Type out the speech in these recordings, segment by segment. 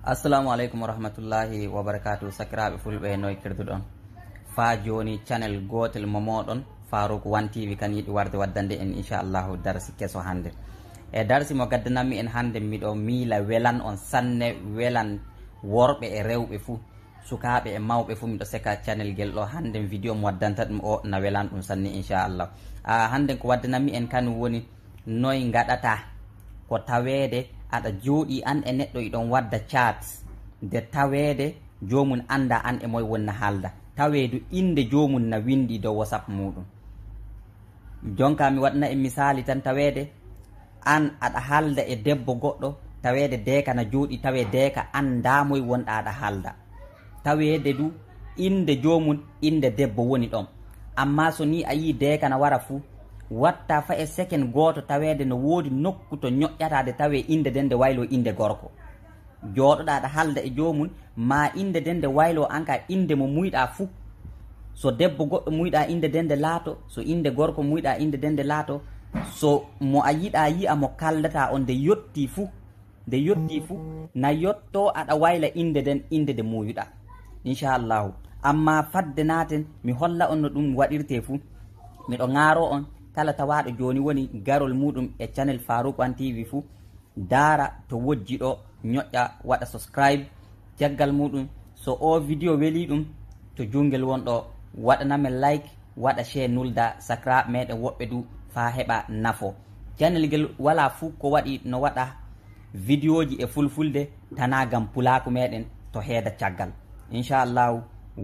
assalamu aleykum wa rahmatullahi wa barakatu sakiraɓe fulɓe noye kirduɗon fa joni channel gotel mo moɗon farouk wan tv kan yiɗi warde waddande en inchallahu darsi keso hande e darsi mo gaddanammi en hande miɗo miila welan on sanne welan worɓe e rewɓe fuu sukaɓe e mawɓe fuu miɗo sekka channel guel ɗo hande vidéo mo waddanta ɗum o na welan ɗum sanne inchallah a hande ko waddanammi en kan woni noye gaɗata ko tawede aɗa jooɗi an e neɗɗo iɗon e wadda chat nde taweede joomum annda an e moye wonna haalda taweedu innde joomum na winndi dow wasap muɗum jonka mi waɗna e misali tan taweede an aɗa haalda e debbo goɗɗo taweede deeka na jooɗi tawe deeka an ndaamoye wonɗa aɗa haalda taweede du innde joomum innde debbo woni ɗon amma so ni a yii deekana wara fuu watta fa e second goto tawede no woodi nokku to ñoƴƴatade tawe inde nden nde waylo inde gorko jooɗoɗa ɗa halda e joomum ma inde nden nde waylo en ka inde mo muyɗa fuu so debbo goɗɗo muyɗa inde nden nde laato so inde gorko muyɗa inde nden nde laato so mo a yiɗa yiya mo kaldata on nde yetti fuu nde yetti fuu na yetto aɗa wayla inde nden inde nde muyuɗa inchallahu amma fadde naten mi holla on no ɗum waɗirte fuu miɗo gaaro on kala tawaɗo joni woni garol muɗum e channel farouk an tv fuu daara to wojji ɗo ñoƴƴa waɗa subscribe jaggal muɗum so o vidéo weeli ɗum to jungel wonɗo waɗanamen like waɗa che nulda sacrabe meɗen woɓɓe du fa heɓa nafo channel guel wala fuu ko waɗi no waɗa vidéo ji e fulfulde tanagam pulaku meɗen to heeda caggal inchallahu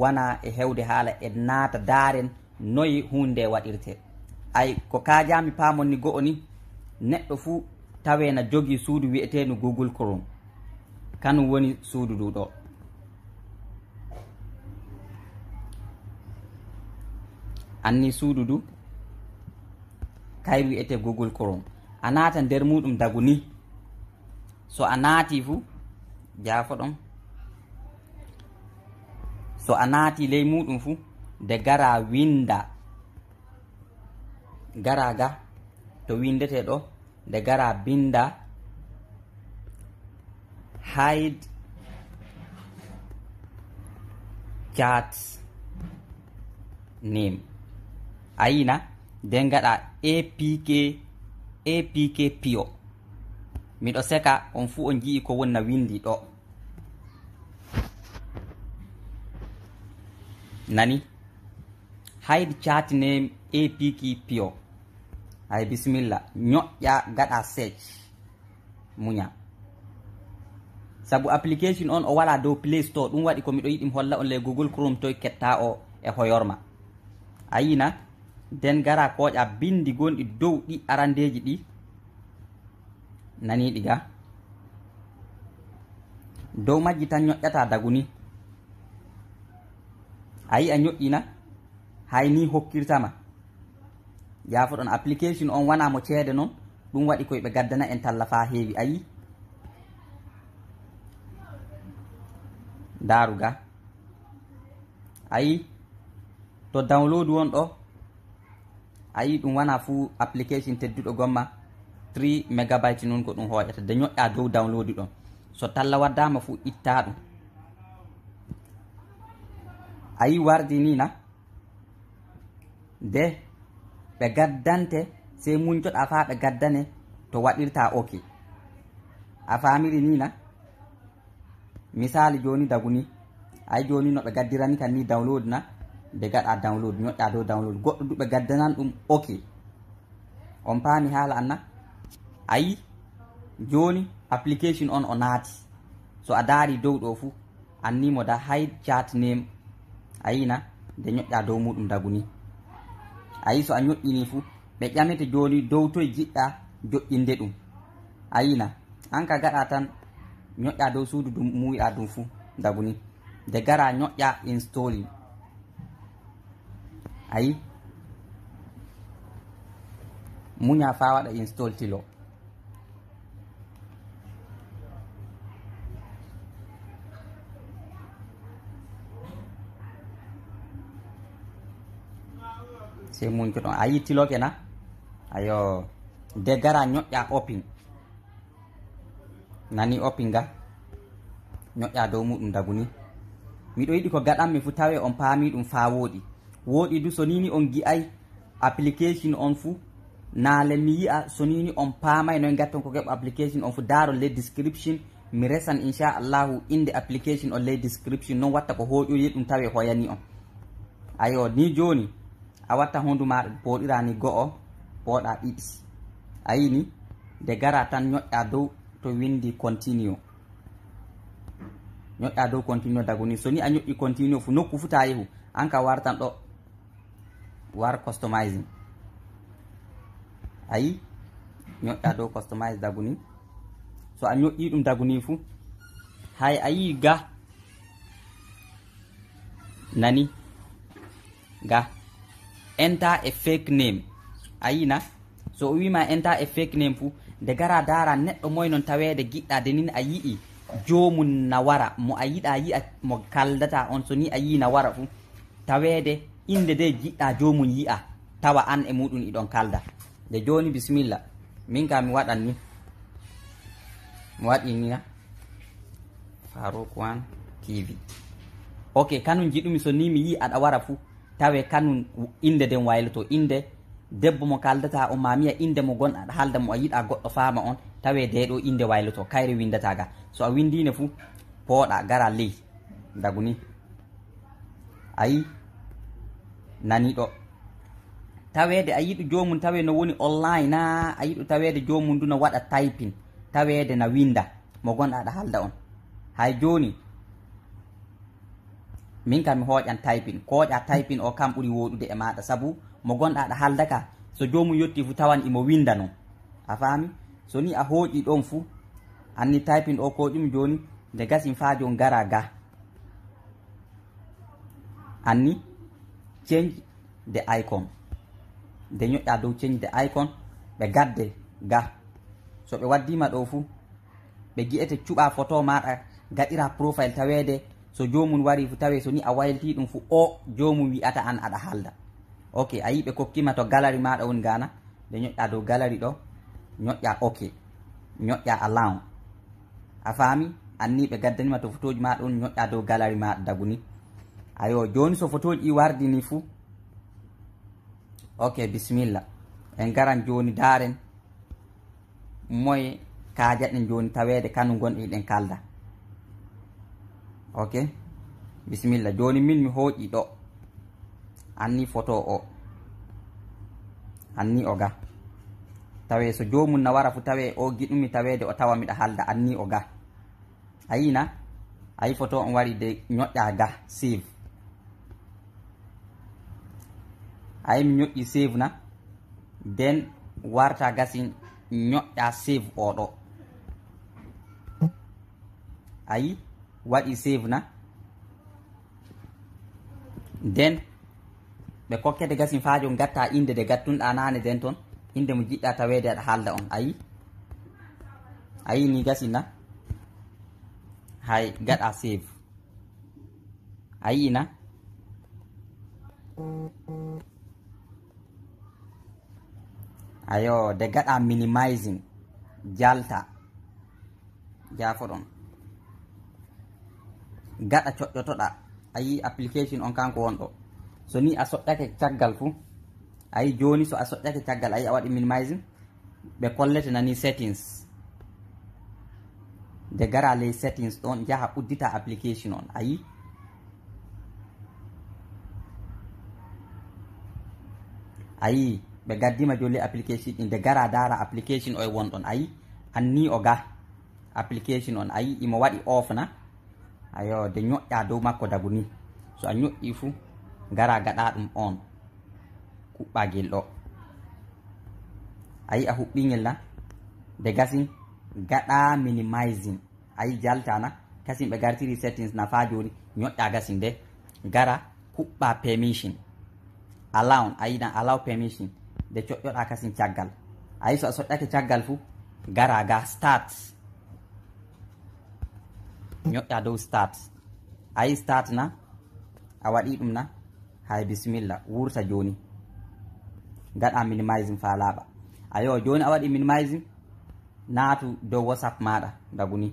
wona e hewde haala e naata daaren noyi hunde waɗirte ay ko kajami pamonni go'o ni neɗɗo fuu tawena jogi suudu wi'etenu google crom kanum woni suudu ndu ɗo anni suudu du kay wi'ete google crom a naata nder muɗum dagu ni so a naati fuu jaafo ɗon so a naati ley muɗum fuu de gara winda gara ga to windete ɗo nde gara binda hide chat nim ayina nden gaɗa apk apk piyo miɗo seka on fuu on ji'i ko wonna windi ɗo nani hide chat name apk pio hay bisimilla ñoƴƴa gaɗa sec muña saabu application on o wala dow play store ɗum waɗi komiɗo yiɗim holla on le google chrome toy ketta o e hoyorma ayina nden gara koƴa bindi gonɗi dow ɗi arandeji ɗi naniɗiga dow majji tan ñoƴƴata daguni ayi a ñoƴƴina hay ni hokkirtama yaafo ɗon application on wanamo ceede noon ɗum waɗi koyeɓe gaddana en talla fa heewi ayi daruga ayi to download won ɗo ayi ɗum wana fu application tedduɗo gomma 3 megabyte noon ko ɗum hoƴata de ñoƴƴa dow download ɗon so talla waddama fu itta ɗum ayi wardi nina de ɓe gaddante sey muñcoɗa fa ɓe gaddane to waɗirta oki a famiri nina misali joni daguni ay joni no ɓe gaddirani kan ni download na de gaɗa download ñoƴƴa dow download goɗɗo du ɓe gaddanan ɗum oki on paami haala anna ayi joni application on o naati so a daari dow ɗo fuu annimo da hay chat name ayina de ñoƴƴa dow muɗum daguni ayi so a ñoƴƴini fuu ɓe ƴamete jooni dow toye jiɗɗa joƴƴinde ɗum ayina an ka gaɗa tan ñoƴƴa dow suudu dum muuyiɗa dum fuu daguni nde gara ñoƴƴa instalin ayi muña fa waɗa install tilo se muñke ɗon a yittiloke na ayo de gara ñoƴƴa opin nani opin ga ñoƴƴa dow muɗum dagu ni miɗo yiɗi ko gaɗanmi fu tawe on paami ɗum fa wooɗi wooɗi du so nini on gi'ay application on fu naale mi yi'a so nini on paamay noy gatton ko keɓa application on fu daaro ley description mi resan inchallahu inde application o ley description noon watta ko hooƴoyi ɗum tawe hoyani on ayo ni joni a watta hondu maɗa irani go'o poɗa ɗiɗi a yini de gara tan ño'a ado to windi continue ño'a ado continue daguni so ni a i continue fu nokku futa yehu an ka wartan do war customizing ayi ño'a ado customize daguni so anyo i dum daguni fu hay ayi ga nani ga enter e fake name ayina so o wima enter e fake name fu nde gara dara neɗɗo moy non tawede giɗɗa denin a yii jomum nawara mo a yiɗa yiya mo kaldata on so ni a yi nawara fu tawede inde de jiɗɗa jomum yi'a tawa an e muɗum iɗon kalda nde joni bisimilla min ka mi waɗan ni mi waɗinia farouk 1 tv ok kanum jiɗumi so ni mi yi aɗa wara fuu tawe kanum inde nden wayloto inde debbo mo kaldata o mamiya inde mo gon aɗa halda mo a yiɗa goɗɗo faama on tawe deɗo inde wayloto kayre windataga so a windine fuu pooɗa gara ley daguni ayi naniɗo tawede a yiɗo jomum tawe no woni online na a yiɗo tawede jomum du no waɗa typin tawede na winda mo gonɗa aɗa halda on hay joni min kam mi hooƴan taypin kooƴa taypin o kam ɓuuri wooɗude e maɗa saabu mo gonɗa aɗa halda ka so jomum yetti fuu tawan imo winda no a faami so ni a hooƴi ɗon fuu anni taypin o ko ɗum joni nde gasin fa jon gara ga anni change de icon nde ñoƴƴa dow change de icon ɓe gadde ga so ɓe waddima ɗo fuu ɓe gui ete cuuɓa photo maɗa gaɗira profile tawede so jomum wari tawe so ni a waylti ɗum fo o jomum wiyata an aɗa halda ok a yi ɓe kokkima to galari maɗa woni gana nde ñoƴƴa dow galari ɗo ñoƴƴa ok ñoƴƴa a lan a faami anni ɓe gaddanima to photoji maɗa on ñoƴƴa dow galari maɗa dagu ni ayo joni so photo ji ɗi wardini fou ok bisimilla en garan joni daren moye kajaɗen joni tawede kanu gonɗe yiɗen kalda ok bisimilla joni min mi hooƴi ɗo anni photo o anni o ga tawe so jomum nawara fu tawe o giɗumi tawede o tawa miɗa halda anni o ga ayina ayi photo on wari de ñoƴƴa ga save ayi mi ñoƴƴi save na den warta gasin ñoƴƴa save oɗo ayi waɗi save na nden ɓe kokkete gasin fajo gatta inde de gattunɗa nane den toon inde mo jiɗɗa tawede aɗa halda on ayi ayi ni gasin na hay gaɗa save ayi na ayo de gaɗa minimizing jalta jafoɗon gaɗa coƴƴotoɗa a yi application on kanko wonɗo so ni a soƴƴake caggal fuu a yi joni so a soƴƴake caggal a yi a waɗi minimisin ɓe kollete nani settings nde gara ley settings ɗon jaaha uddita application on a yi a yi ɓe gaddima joli application ɗi nde gara dara application o e wonɗon a yi anni o ga application on a yi imo waɗi off na ayo de ñoƴƴa dow makko dagu ni so a ñoƴƴi fuu gara gaɗa ɗum on kuɓɓa gel ɗo a yi a huɓɓingel na de gasin gaɗa minimisin ayi jaltana kasin ɓe gartiri settins nafa joni ñoƴƴa gasin de gara kuɓɓa permission alawn a yiɗan alaw permission de coƴƴoɗa kasin caggal ayi so a soƴƴake caggal fuu gara ga starts ñoƴƴa dow start ayi start na a waɗi ɗum na hay bisimilla wurta joni gaɗa minimising fa laaɓa ayo joni a waɗi minimising naatu dow whatsapp maɗa daguni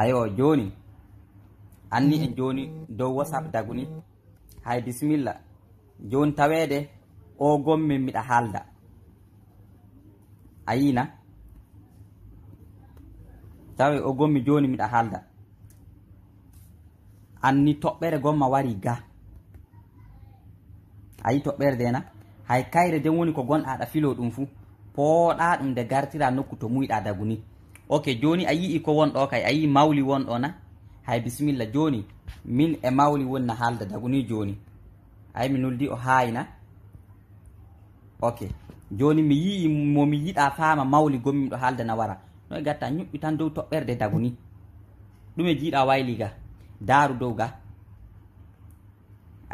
ayo joni anni en joni dow whatsapp daguni hay bisimilla joni tawede o gommin miɗa haalda ayina tawi o gommi joni miɗa halda anni toɓɓere gomma wari ga ayi toɓɓere dena hay kayre nden woni ko gonɗa ɗa filo ɗum fuu pooɗa ɗum nde gartira nokku to muyɗa daguni ok joni a yii ko wonɗo kay a yi mawli wonɗo na hay bisimilla joni min e mawli woni na halda daguni joni ay mi noldi o hayina ok joni mi yii momi yiɗa faama mawli gommiɗo haalda na wara no e gatta ñuɓɓi tan dow toɓɓerde daguni ɗume jiiɗa wayliga daaru dow ga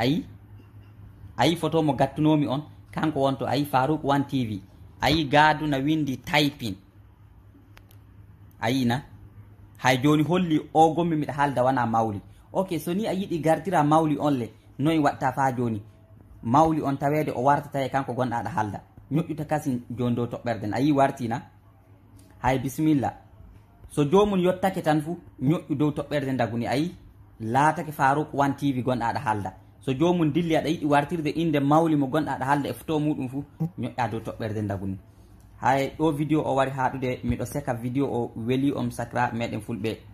ayi ayi photo mo gattunomi on kanko wonto ayi farouk wan tv ayi gaduna windi taypin ayi na hay joni holli o gommi miɗa haalda wana mawli ok so ni a yiɗi gardira mawli on le noyi watta fa joni mawli on tawede o wartata e kanko gonɗa ɗa haalda ñoƴƴuta kasi joni dow toɓɓerden ayi wartina hay bisimilla so jomum yottake tan fu ñoƴƴu dow toɓɓerde daguni ayi laatake farouk wan tv gonɗa aɗa halda so jomum dilli aɗa yiɗi wartirde inde mawli mo gonɗa aɗa halda e foto muɗum fu ñoƴƴa dow toɓɓerde daguni hay ɗo vidéo o wari haɗude miɗo seka vidéo o weeli om sacra meɗen fulɓe